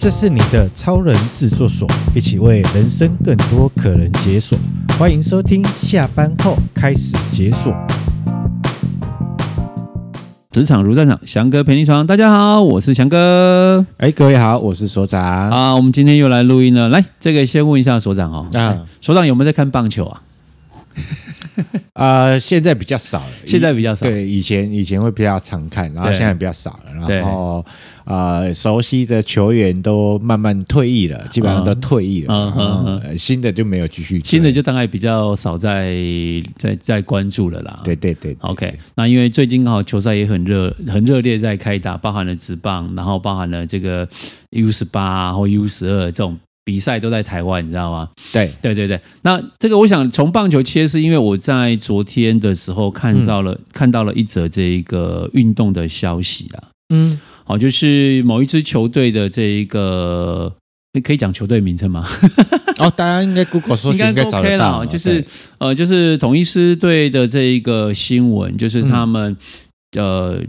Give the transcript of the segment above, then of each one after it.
這是你的超人制作所，一起為人生更多可能解鎖。歡迎收聽，下班後開始解鎖。職場如戰場，翔哥陪你闖。大家好，我是翔哥。哎、欸，各位好，我是所長。啊，我們今天又來錄音了。來，這個先問一下所長哈。啊，所長有沒有在看棒球啊？啊、 呃，現在比較少了，現在比較少。對，以前以前會比較常看，然後現在比較少了。然後，啊對、呃，熟悉的球員都慢慢退役了，基本上都退役了。嗯嗯嗯，嗯嗯嗯新的就沒有繼續退，新的就大概比較少在在在關注了啦。對對對,對，OK。那因為最近好、哦、球賽也很熱很熱烈在開打，包含了職棒，然後包含了這個 U 十八或 U 十二這種。比賽都在台灣，你知道嗎？對對對對，那這個我想從棒球切，是因為我在昨天的時候看到了、嗯、看到了一則這一個運動的消息啊，嗯，好、哦，就是某一支球隊的這一個，欸、可以講球隊名稱嗎？ 哦，大家應該 Google 搜尋應該 OK 了，對就是呃，就是統一獅隊的這一個新聞，就是他們、嗯、呃。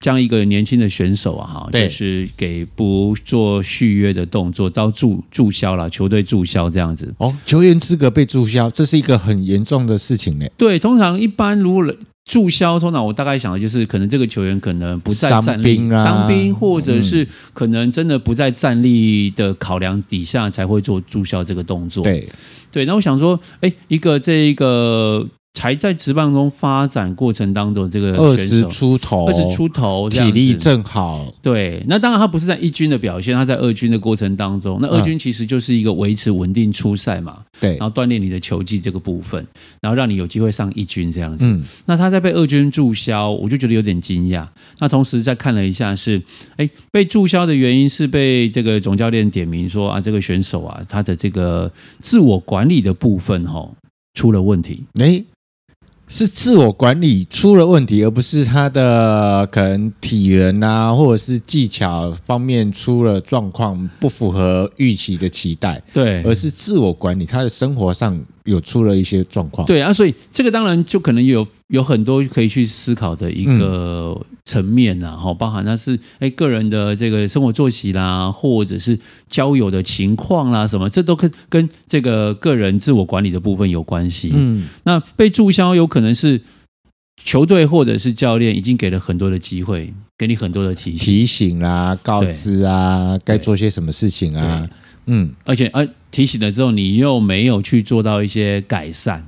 將一個年輕的選手啊哈，對就是給不做續約的動作，招注註銷了，球隊註銷這樣子。哦，球員資格被註銷，這是一個很嚴重的事情呢？對，通常一般如果註銷，通常我大概想的就是，可能這個球員可能不在戰力，傷兵、啊、傷兵，或者是、嗯、可能真的不在戰力的考量底下才會做註銷這個動作。對，對。那我想說，哎、欸，一個這一個。才在職棒中發展過程當中，這個二十出頭，二十出頭，體力正好。對，那當然他不是在一軍的表現，他在二軍的過程當中，那二軍其實就是一個維持穩定出賽嘛，對、嗯，然後鍛鍊你的球技這個部分，然後讓你有機會上一軍這樣子。嗯、那他在被二軍注銷，我就覺得有點驚訝。那同時再看了一下是，是、欸、哎被注銷的原因是被這個總教練點名說啊，這個選手啊，他的這個自我管理的部分哈、哦、出了問題，哎、欸。是自我管理出了問題，而不是他的可能體能啊，或者是技巧方面出了狀況，不符合預期的期待。對，而是自我管理，他的生活上。有出了一些狀況，對啊，所以這個當然就可能有有很多可以去思考的一個層面吶、啊，好、嗯，包含那是誒、欸、個人的這個生活作息啦，或者是交友的情況啦，什麼這都跟跟這個個人自我管理的部分有關係。嗯，那被註銷有可能是球隊或者是教練已經給了很多的機會，給你很多的提醒提醒啦、啊，告知啊，該對做些什麼事情啊，嗯，而且，呃提醒了之後，你又沒有去做到一些改善，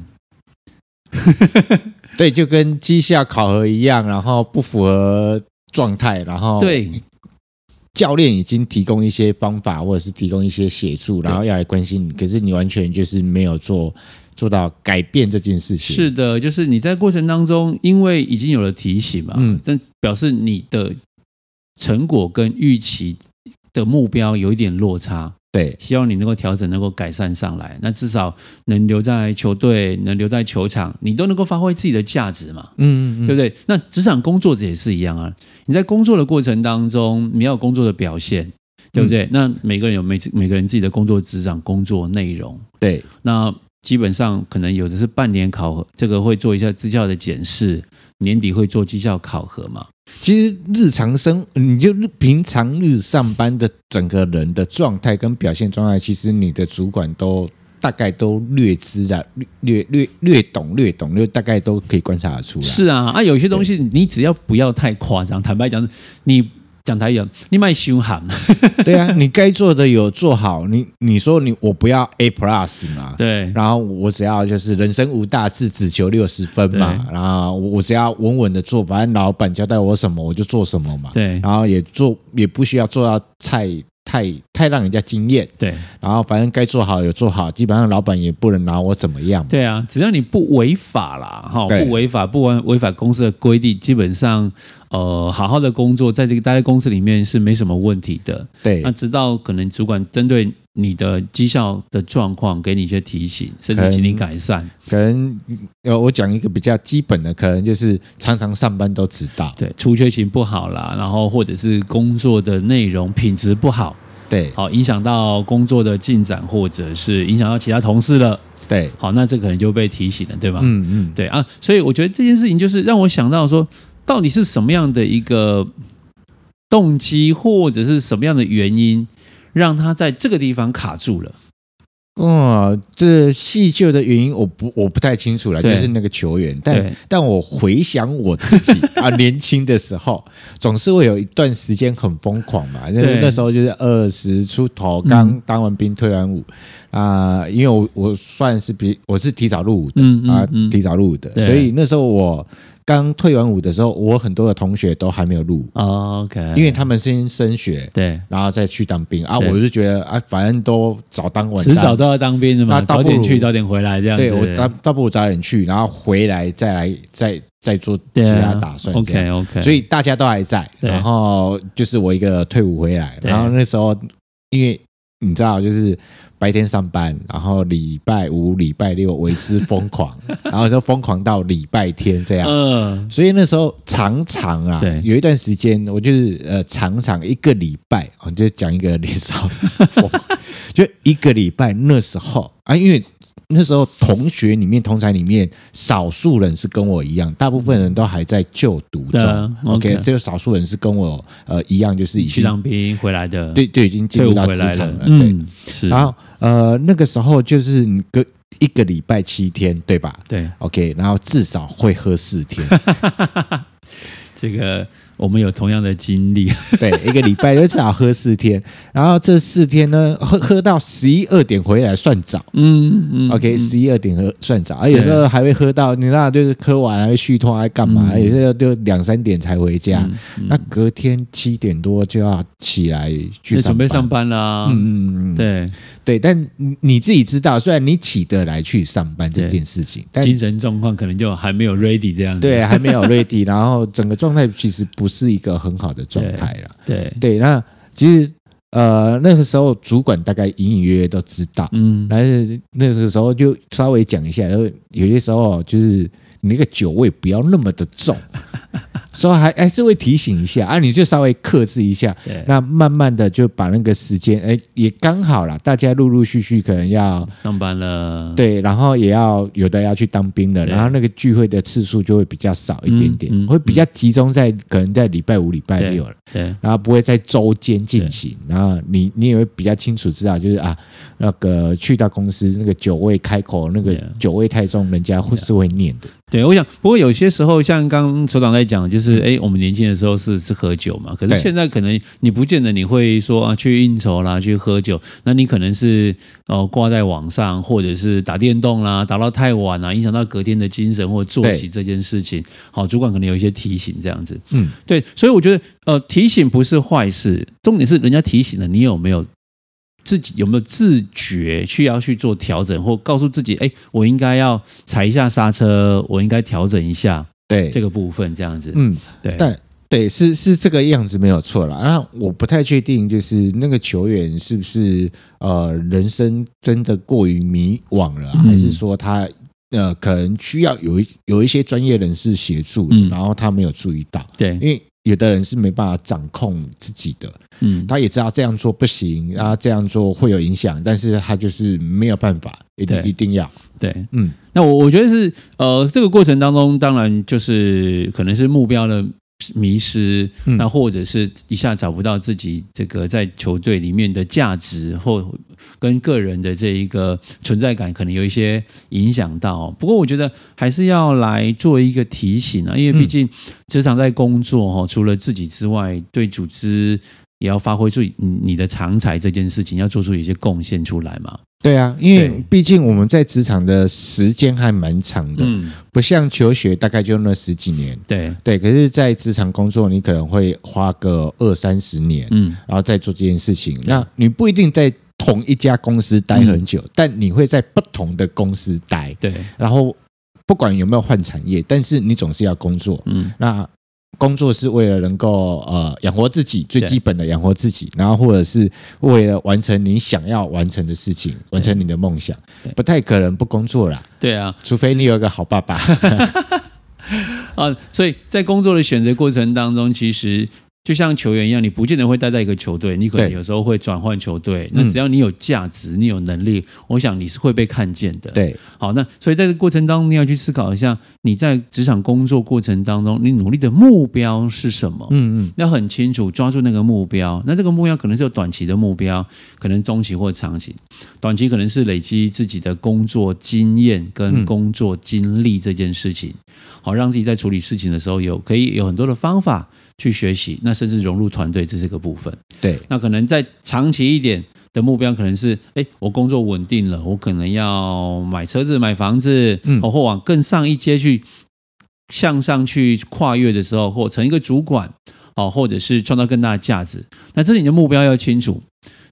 對，就跟績效考核一樣，然後不符合狀態，然後對，教練已經提供一些方法或者是提供一些協助，然後要來關心你，對可是你完全就是沒有做做到改變這件事情。是的，就是你在過程當中，因為已經有了提醒嘛，嗯，但表示你的成果跟預期的目標有一點落差。對，希望你能夠調整，能夠改善上來。那至少能留在球隊，能留在球場，你都能夠發揮自己的價值嘛。嗯嗯嗯，對不對？那職場工作者也是一樣啊，你在工作的過程當中，你要有工作的表現，對不對？嗯、那每個人有每每個人自己的工作職掌、工作內容。對，那基本上可能有的是半年考核，這個會做一下績效的檢視，年底會做績效考核嘛。其實日常生，你就平常日上班的整個人的狀態跟表現狀態，其實你的主管都大概都略知的，略略略略懂略懂，略懂大概都可以觀察得出來。是啊，啊，有些東西你只要不要太誇張，對坦白講，你。講台有你賣兇喊， 對啊，你該做的有做好，你你說你我不要 A plus 嘛，對，然後我只要就是人生無大志，只求六十分嘛，對然後我只要穩穩的做，反正老闆交代我什麼我就做什麼嘛，對，然後也做也不需要做到菜，太太讓人家驚豔，對，然後反正該做好有做好，基本上老闆也不能拿我怎麼樣。對啊，只要你不違法啦，哈對，不違法，不違反公司的規定，基本上，呃，好好的工作，在這個待在公司裡面是沒什麼問題的。對，那直到可能主管針對你的績效的狀況，給你一些提醒，甚至請你改善。可能呃，我講一個比較基本的，可能就是常常上班都遲到，對，出缺勤不好啦，然後或者是工作的內容品質不好，對，好，影響到工作的進展，或者是影響到其他同事了，對，好，那這可能就被提醒了，對吧？嗯嗯，對啊，所以我覺得這件事情就是讓我想到說，到底是什麼樣的一個動機，或者是什麼樣的原因？讓他在這個地方卡住了。哦，這細究的原因我不我不太清楚了，對就是那個球員。但對但我回想我自己 啊，年輕的時候總是會有一段時間很瘋狂嘛。那對那時候就是二十出頭，剛當完兵、嗯、退完伍啊、呃，因為我我算是比我是提早入伍的嗯嗯嗯啊，提早入伍的，對所以那時候我。剛退完伍的時候，我很多的同學都還沒有入伍。oh,，OK，因為他們先升學，對，然後再去當兵對啊。我就覺得、啊，反正都早當完，遲早都要當兵的嘛，早點去早點回來這樣子。對，我倒不如早點去，然後回來再來，再再做其他打算。啊。OK OK，所以大家都還在，然後就是我一個退伍回來，對然後那時候因為你知道就是。白天上班，然後禮拜五、禮拜六為之瘋狂， 然後就瘋狂到禮拜天這樣。嗯、呃，所以那時候常常啊，對有一段時間，我就是呃常常一個禮拜我、喔、就講一個禮拜，就一個禮拜那時候啊，因為那時候同學裡面同儕裡面少數人是跟我一樣，大部分人都還在就讀中。啊、OK，只有、okay, 少數人是跟我呃一樣，就是已經去當兵回來的，對對，已經進入到職場了。嗯、對是，然後。呃，那個時候就是你隔一個禮拜七天，對吧？對，OK，然後至少會喝四天， 這個。我們有同樣的經歷，對，一個禮拜就至少喝四天，然後這四天呢，喝喝到十一二點回來算早，嗯嗯，OK，十一二點喝算早，啊，有時候還會喝到，你知道，就是喝完還會續攤還幹嘛，有時候就兩三點才回家，那隔天七點多就要起來去，準備上班啦，嗯嗯，對對，但你自己知道，雖然你起得來去上班這件事情，但精神狀況可能就還沒有 ready 這樣子，對，還沒有 ready，然後整個狀態其實不。是一個很好的狀態了，對對，對，那其實呃那個時候主管大概隱隱約約都知道，嗯，但是那個時候就稍微講一下，然後有些時候就是你那個酒味不要那麼的重。 所以還還是會提醒一下啊，你就稍微克制一下。對那慢慢的就把那個時間，哎、欸，也剛好啦。大家陸陸續續可能要上班了，對，然後也要有的要去當兵了，對然後那個聚會的次數就會比較少一點點，嗯嗯、會比較集中在，嗯、可能在禮拜五、禮拜六，對，然後不會在週間進行。對然後你你也會比較清楚知道，就是啊，那個去到公司，那個酒味開口，那個酒味太重，人家會是會念的。對，我想，不過有些時候，像剛所長在講，就是，誒、欸、我們年輕的時候是是喝酒嘛，可是現在可能你不見得你會說啊去應酬啦，去喝酒，那你可能是哦、呃、掛在網上，或者是打電動啦，打到太晚啦，影響到隔天的精神或者做起這件事情，對好，主管可能有一些提醒這樣子，嗯，對，所以我覺得呃提醒不是壞事，重點是人家提醒了你有沒有。自己有沒有自覺去要去做調整，或告訴自己，哎、欸，我應該要踩一下剎車，我應該調整一下，對，這個部分這樣子。嗯，對但，對，是是這個樣子沒有錯了。那我不太確定，就是那個球員是不是呃人生真的過於迷惘了，啊，嗯，還是說他呃可能需要有一有一些專業人士協助，嗯，然後他沒有注意到，對，因為。有的人是沒辦法掌控自己的，嗯，他也知道這樣做不行，啊，這樣做會有影響，但是他就是沒有辦法，一定對一定要，對，嗯，那我我覺得是，呃，這個過程當中，當然就是可能是目標的。迷失，那或者是一下找不到自己這個在球隊裡面的價值，或跟個人的這一個存在感，可能有一些影響到。不過我覺得還是要來做一個提醒啊，因為畢竟職場在工作哦，除了自己之外，對組織。也要發揮出你的長才，這件事情要做出一些貢獻出來嘛？對啊，因為畢竟我們在職場的時間還蠻長的，不像求學大概就那十幾年，對對。可是，在職場工作，你可能會花個二三十年，嗯，然後再做這件事情。那你不一定在同一家公司待很久，但你會在不同的公司待，對。然後不管有沒有換產業，但是你總是要工作，嗯，那。工作是為了能夠呃養活自己，最基本的養活自己，對然後或者是為了完成你想要完成的事情，對完成你的夢想，對不太可能不工作啦。對啊，除非你有一個好爸爸。啊， 所以在工作的選擇過程當中，其實。就像球員一樣，你不見得會待在一個球隊，你可能有時候會轉換球隊。對那只要你有價值，你有能力，嗯、我想你是會被看見的。對，好，那所以在這個過程當中，你要去思考一下，你在職場工作過程當中，你努力的目標是什麼？嗯嗯，要很清楚，抓住那個目標。那這個目標可能是有短期的目標，可能中期或長期。短期可能是累積自己的工作經驗跟工作經歷這件事情，好，讓自己在處理事情的時候有可以有很多的方法。去學習，那甚至融入團隊，這是一個部分。對，那可能在長期一點的目標，可能是哎、欸，我工作穩定了，我可能要買車子、買房子，嗯，或往更上一階去，向上去跨越的時候，或成一個主管，哦，或者是創造更大的價值。那這是你的目標要清楚，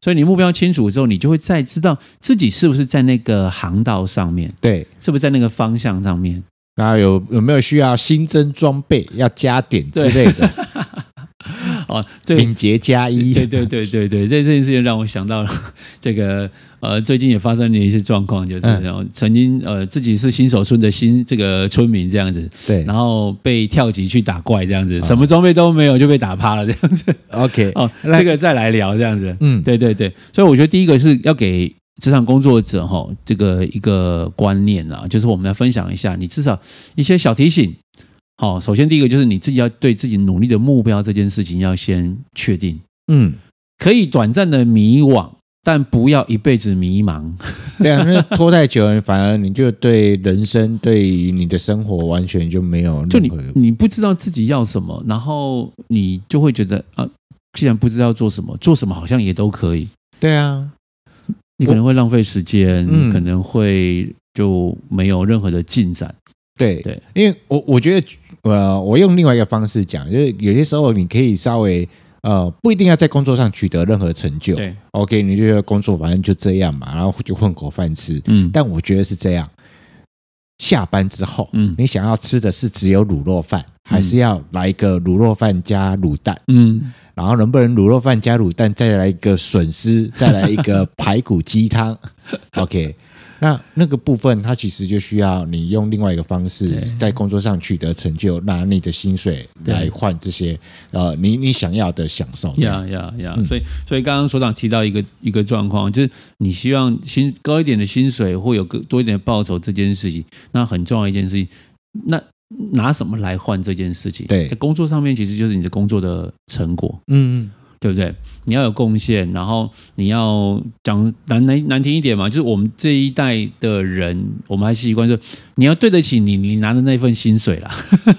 所以你的目標要清楚之後，你就會再知道自己是不是在那個航道上面，對，是不是在那個方向上面？那、啊、有有沒有需要新增裝備、要加點之類的？對 哦，敏捷加一對，對對對對對，這這件事情讓我想到了這個呃，最近也發生了一些狀況，就是、嗯、曾經呃自己是新手村的新這個村民這樣子，對，然後被跳級去打怪這樣子，哦、什麼裝備都沒有就被打趴了這樣子。OK，哦，來這個再來聊這樣子，嗯，對對對，所以我覺得第一個是要給職場工作者哈、哦、這個一個觀念啦、啊，就是我們來分享一下，你至少一些小提醒。好，首先第一個就是你自己要對自己努力的目標這件事情要先確定。嗯，可以短暫的迷惘，但不要一輩子迷茫。 對啊，因為拖太久，反而你就對人生、對於你的生活完全就沒有任何。就你你不知道自己要什麼，然後你就會覺得啊，既然不知道做什麼，做什麼好像也都可以。對啊，你可能會浪費時間，嗯、可能會就沒有任何的進展。對對，對因為我我覺得。呃，我用另外一個方式講，就是有些時候你可以稍微呃，不一定要在工作上取得任何成就。對 OK，你這個工作反正就這樣嘛，然後就混口飯吃。嗯，但我覺得是這樣，下班之後，嗯，你想要吃的是只有滷肉飯，嗯、還是要來一個滷肉飯加滷蛋？嗯，然後能不能滷肉飯加滷蛋，再來一個筍絲，再來一個排骨雞湯 ？OK。那那個部分，它其實就需要你用另外一個方式，在工作上取得成就，對拿你的薪水對來換這些呃，你你想要的享受。呀呀呀！所以所以剛剛所長提到一個一個狀況，就是你希望薪高一點的薪水，或有多一點的報酬這件事情，那很重要一件事情。那拿什麼來換這件事情？對，在工作上面其實就是你的工作的成果。嗯嗯。對不對？你要有貢獻，然後你要講難難難聽一點嘛，就是我們這一代的人，我們還習慣說，你要對得起你你拿的那份薪水啦。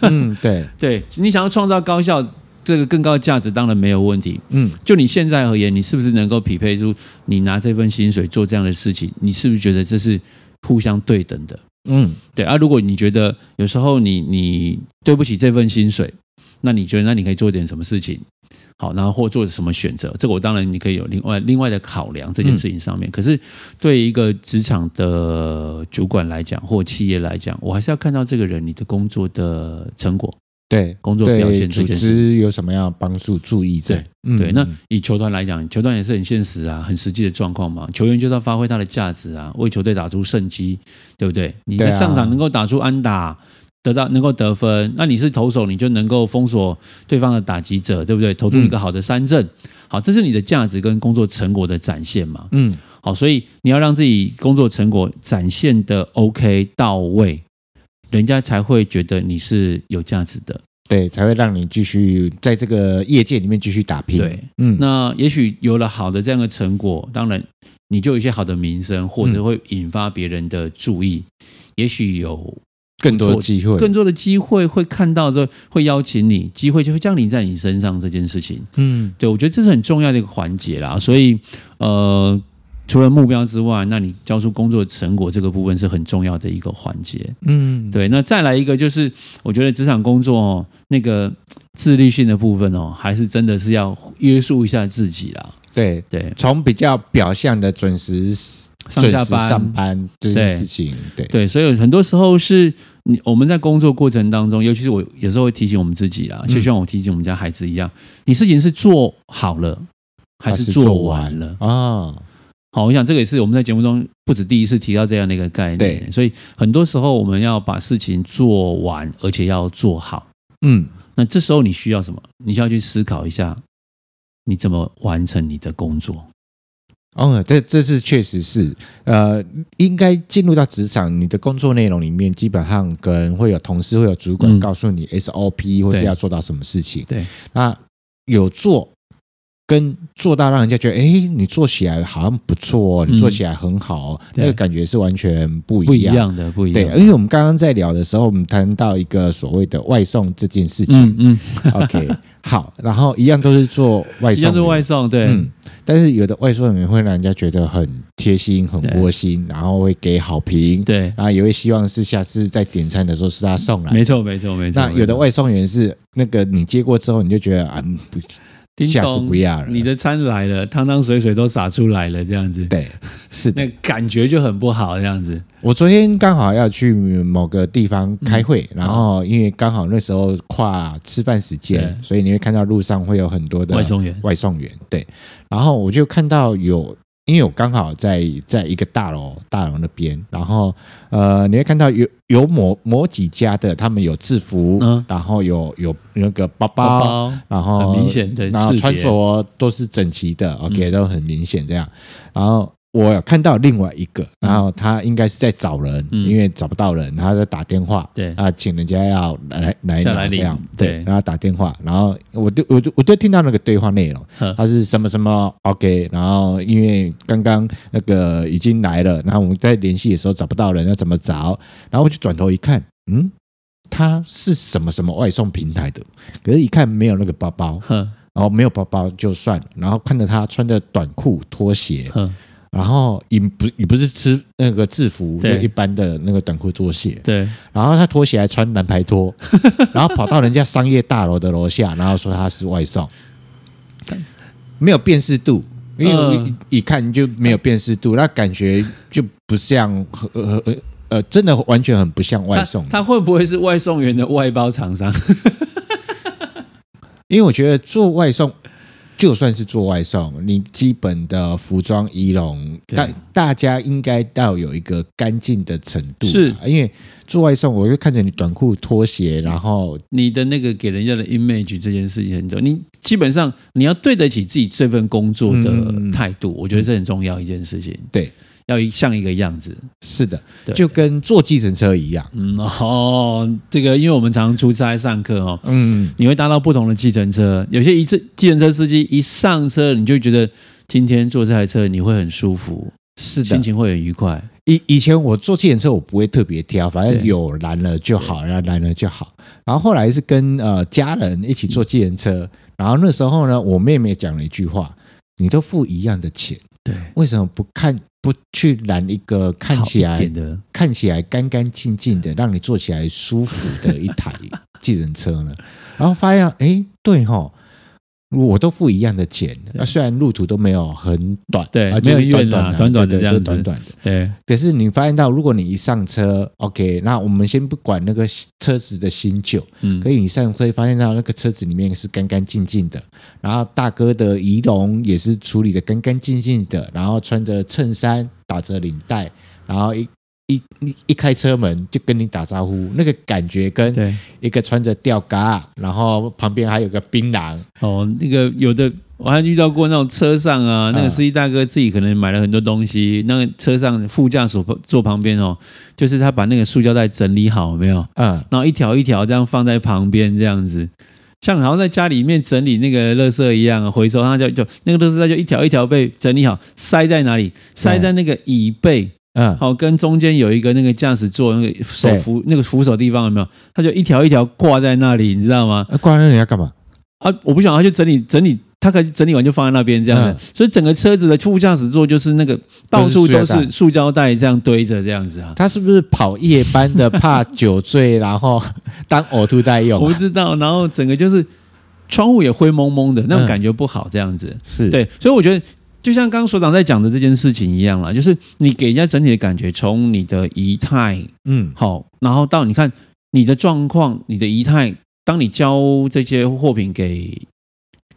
嗯，對，對你想要創造高效這個更高的價值，當然沒有問題。嗯，就你現在而言，你是不是能夠匹配出你拿這份薪水做這樣的事情？你是不是覺得這是互相對等的？嗯，對。啊。如果你覺得有時候你你對不起這份薪水，那你覺得那你可以做點什麼事情？好，然後或做什麼選擇，這個我當然你可以有另外另外的考量，這件事情上面。嗯、可是對一個職場的主管來講，或企業來講，我還是要看到這個人你的工作的成果，對工作表現這件事有什麼樣幫助注意在。對，嗯嗯那以球團來講，球團也是很現實啊，很實際的狀況嘛。球員就是要發揮他的價值啊，為球隊打出勝機，對不對？你在上場能夠打出安打。得到能夠得分，那你是投手，你就能夠封鎖對方的打擊者，對不對？投出一個好的三振，嗯、好，這是你的價值跟工作成果的展現嘛。嗯，好，所以你要讓自己工作成果展現得 OK 到位，人家才會覺得你是有價值的，對，才會讓你繼續在這個業界裡面繼續打拼。對，嗯，那也許有了好的這樣的成果，當然你就有一些好的名聲，或者會引發別人的注意，嗯、也許有。更多機會，更多的機會,會會看到，這會邀請你，機會就會降臨在你身上這件事情。嗯，對，我覺得這是很重要的一個環節啦。所以，呃，除了目標之外，那你交出工作的成果這個部分是很重要的一個環節。嗯，對。那再來一個，就是我覺得職場工作、喔、那個自律性的部分哦、喔，還是真的是要約束一下自己啦。對對，從對比較表象的準時。上下班，上班，對事情，對對，對 所以很多時候是你我們在工作過程當中，尤其是我有時候會提醒我們自己啦，就像我提醒我們家孩子一樣，你事情是做好了還是做完了啊？好，我想這個也是我們在節目中不止第一次提到這樣的一個概念、欸，所以很多時候我們要把事情做完，而且要做好。嗯，那這時候你需要什麼？你需要去思考一下，你怎麼完成你的工作？哦，這這是確實是，呃，應該進入到職場，你的工作內容裡面基本上跟會有同事、會有主管告訴你 SOP，嗯，或是要做到什麼事情。對，對，那有做。跟做到讓人家覺得，哎、欸，你做起來好像不錯，你做起來很好，嗯、那個感覺是完全不一樣，不一樣的，不一樣。對，因為我們剛剛在聊的時候，我們談到一個所謂的外送這件事情。嗯嗯。嗯 OK，好，然後一樣都是做外送，一樣是外送，對、嗯。但是有的外送員會讓人家覺得很貼心、很窩心，對然後會給好評。對。然後也會希望是下次在點餐的時候是他送來沒。沒錯，沒錯，沒錯。那有的外送員是那個你接過之後你就覺得、嗯、啊下次不要了，你的餐來了，湯湯水水都灑出來了，這樣子，對，是的。那感覺就很不好，這樣子。我昨天剛好要去某個地方開會，嗯、然後因為剛好那時候跨吃飯時間，對所以你會看到路上會有很多的外送員，外送員，對。然後我就看到有。因為我剛好在在一個大樓大樓那邊，然後呃，你會看到有有某某幾家的，他們有制服，嗯，然後有有那個包包，然後很明顯的，然後穿着都是整齊的，嗯，OK，都很明顯這樣，然後。我有看到另外一個，然後他應該是在找人，嗯、因為找不到人，他在打電話。對、嗯、啊，請人家要來來下來這樣，對，對然後他打電話，然後我就我就我就聽到那個對話內容，呵他是什麼什麼 OK，然後，因為剛剛那個已經來了，然後我們在聯繫的時候找不到人，要怎麼找？然後我就轉頭一看，嗯，他是什麼什麼外送平台的，可是一看沒有那個包包，呵然後沒有包包就算，然後看着他穿着短褲拖鞋，然後也不也不是吃那個制服，對就一般的那個短褲做鞋。對，然後他拖鞋還穿藍白拖。 然後跑到人家商業大樓的樓下，然後說他是外送，沒有辨識度，因為、呃、一看就沒有辨識度，那感覺就不像，呃，呃真的完全很不像外送他。他會不會是外送員的外包廠商？ 因為我覺得做外送。就算是做外送，你基本的服裝儀容，大大家應該都有一個乾淨的程度。是，因為做外送，我就看着你短褲、拖鞋，然後你的那個給人家的 image 這件事情很重。你基本上你要對得起自己這份工作的態度，嗯，我覺得這很重要一件事情。對。要一像一個樣子，是的，對就跟坐計程車一樣。嗯哦，這個因為我們常常出差上課哦，嗯，你會搭到不同的計程車，有些一次計程車司機一上車，你就覺得今天坐這台車你會很舒服，是的，心情會很愉快。以以前我坐計程車，我不會特別挑，反正有男了就好，然後男了就好。然後後來是跟呃家人一起坐計程車，然後那時候呢，我妹妹講了一句話：“你都付一樣的錢，對，為什麼不看？”不去攔一個看起來看起來乾乾淨淨的，嗯、讓你坐起來舒服的一台計程車呢？ 然後發現，哎、欸，對哈。我都付一樣的錢，那、啊、雖然路途都沒有很短，對，沒有短短短短的這樣對短短的，對，對。可、就是、對是你發現到，如果你一上車，OK，那我們先不管那個車子的新舊，嗯，可以你上車發現到那個車子裡面是乾乾淨淨的，然後大哥的儀容也是處理的乾乾淨淨的，然後穿着襯衫，打着領帶，然後一。一一一開車門就跟你打招呼，那個感覺跟一個穿着吊嘎，對然後旁邊還有個檳榔哦。那個有的我還遇到過那種車上啊，那個司機大哥自己可能買了很多東西，嗯、那個車上副駕駛座旁邊哦，就是他把那個塑膠袋整理好有沒有？嗯，然後一條一條這樣放在旁邊這樣子，像好像在家裡面整理那個垃圾一樣、啊、回收，他就就那個垃圾袋就一條一條被整理好，塞在哪裡？對塞在那個椅背。嗯，好，跟中間有一個那個駕駛座那個手扶對那個扶手地方有沒有？他就一條一條掛在那裡，你知道嗎？掛、啊、在那裡要幹嘛？啊，我不想，他就整理整理，他可以整理完就放在那邊這樣子。嗯、所以整個車子的副駕駛座就是那個是到處都是塑膠袋這樣堆着這樣子啊。他是不是跑夜班的？怕酒醉， 然後當嘔吐袋用、啊？我不知道。然後整個就是窗戶也灰濛濛的，那種感覺不好，這樣子、嗯、是對。所以我覺得。就像剛剛所長在講的這件事情一樣啦，就是你給人家整體的感覺，從你的儀態，嗯，好，然後到你看你的狀況，你的儀態，當你交這些貨品給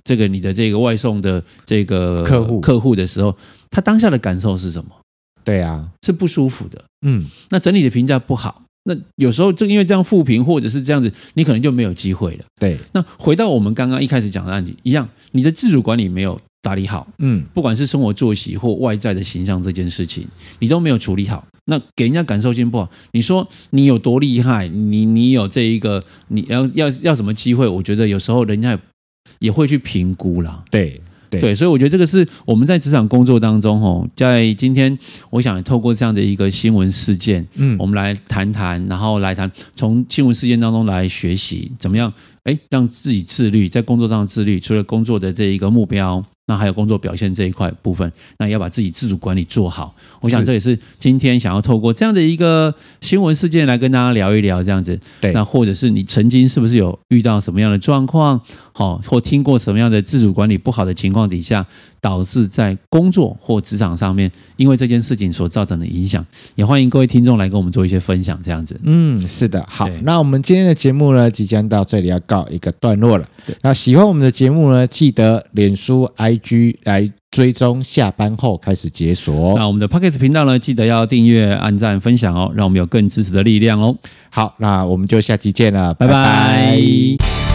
這個你的這個外送的這個客戶客戶的時候，戶他當下的感受是什麼？對啊，是不舒服的，嗯。那整體的評價不好，那有時候就因為這樣負評或者是這樣子，你可能就沒有機會了。對。那回到我們剛剛一開始講的案例一樣，你的自主管理沒有打理好，嗯，不管是生活作息或外在的形象這件事情，你都沒有處理好，那給人家感受性不好。你說你有多厲害，你你有這一個，你要要要什麼機會？我覺得有時候人家也會去評估了。對對，所以我覺得這個是我們在職場工作當中，吼，在今天我想透過這樣的一個新聞事件，嗯，我們來談談，然後來談從新聞事件當中來學習怎麼樣，哎、欸，讓自己自律，在工作上自律，除了工作的這一個目標。那還有工作表現這一塊部分，那要把自己自主管理做好。是我想這也是今天想要透過這樣的一個新聞事件來跟大家聊一聊這樣子。對，那或者是你曾經是不是有遇到什麼樣的狀況，好或聽過什麼樣的自主管理不好的情況底下，導致在工作或職場上面因為這件事情所造成的影響，也歡迎各位聽眾來跟我們做一些分享這樣子。嗯，是的，好，對那我們今天的節目呢，即將到這裡要告一個段落了。對那喜歡我們的節目呢，記得臉書 IG。來追蹤，下班後開始解鎖。那我們的 Podcast 頻道呢，記得要訂閱、按讚、分享哦，讓我們有更支持的力量哦。好，那我們就下期見了，拜拜 bye。Bye bye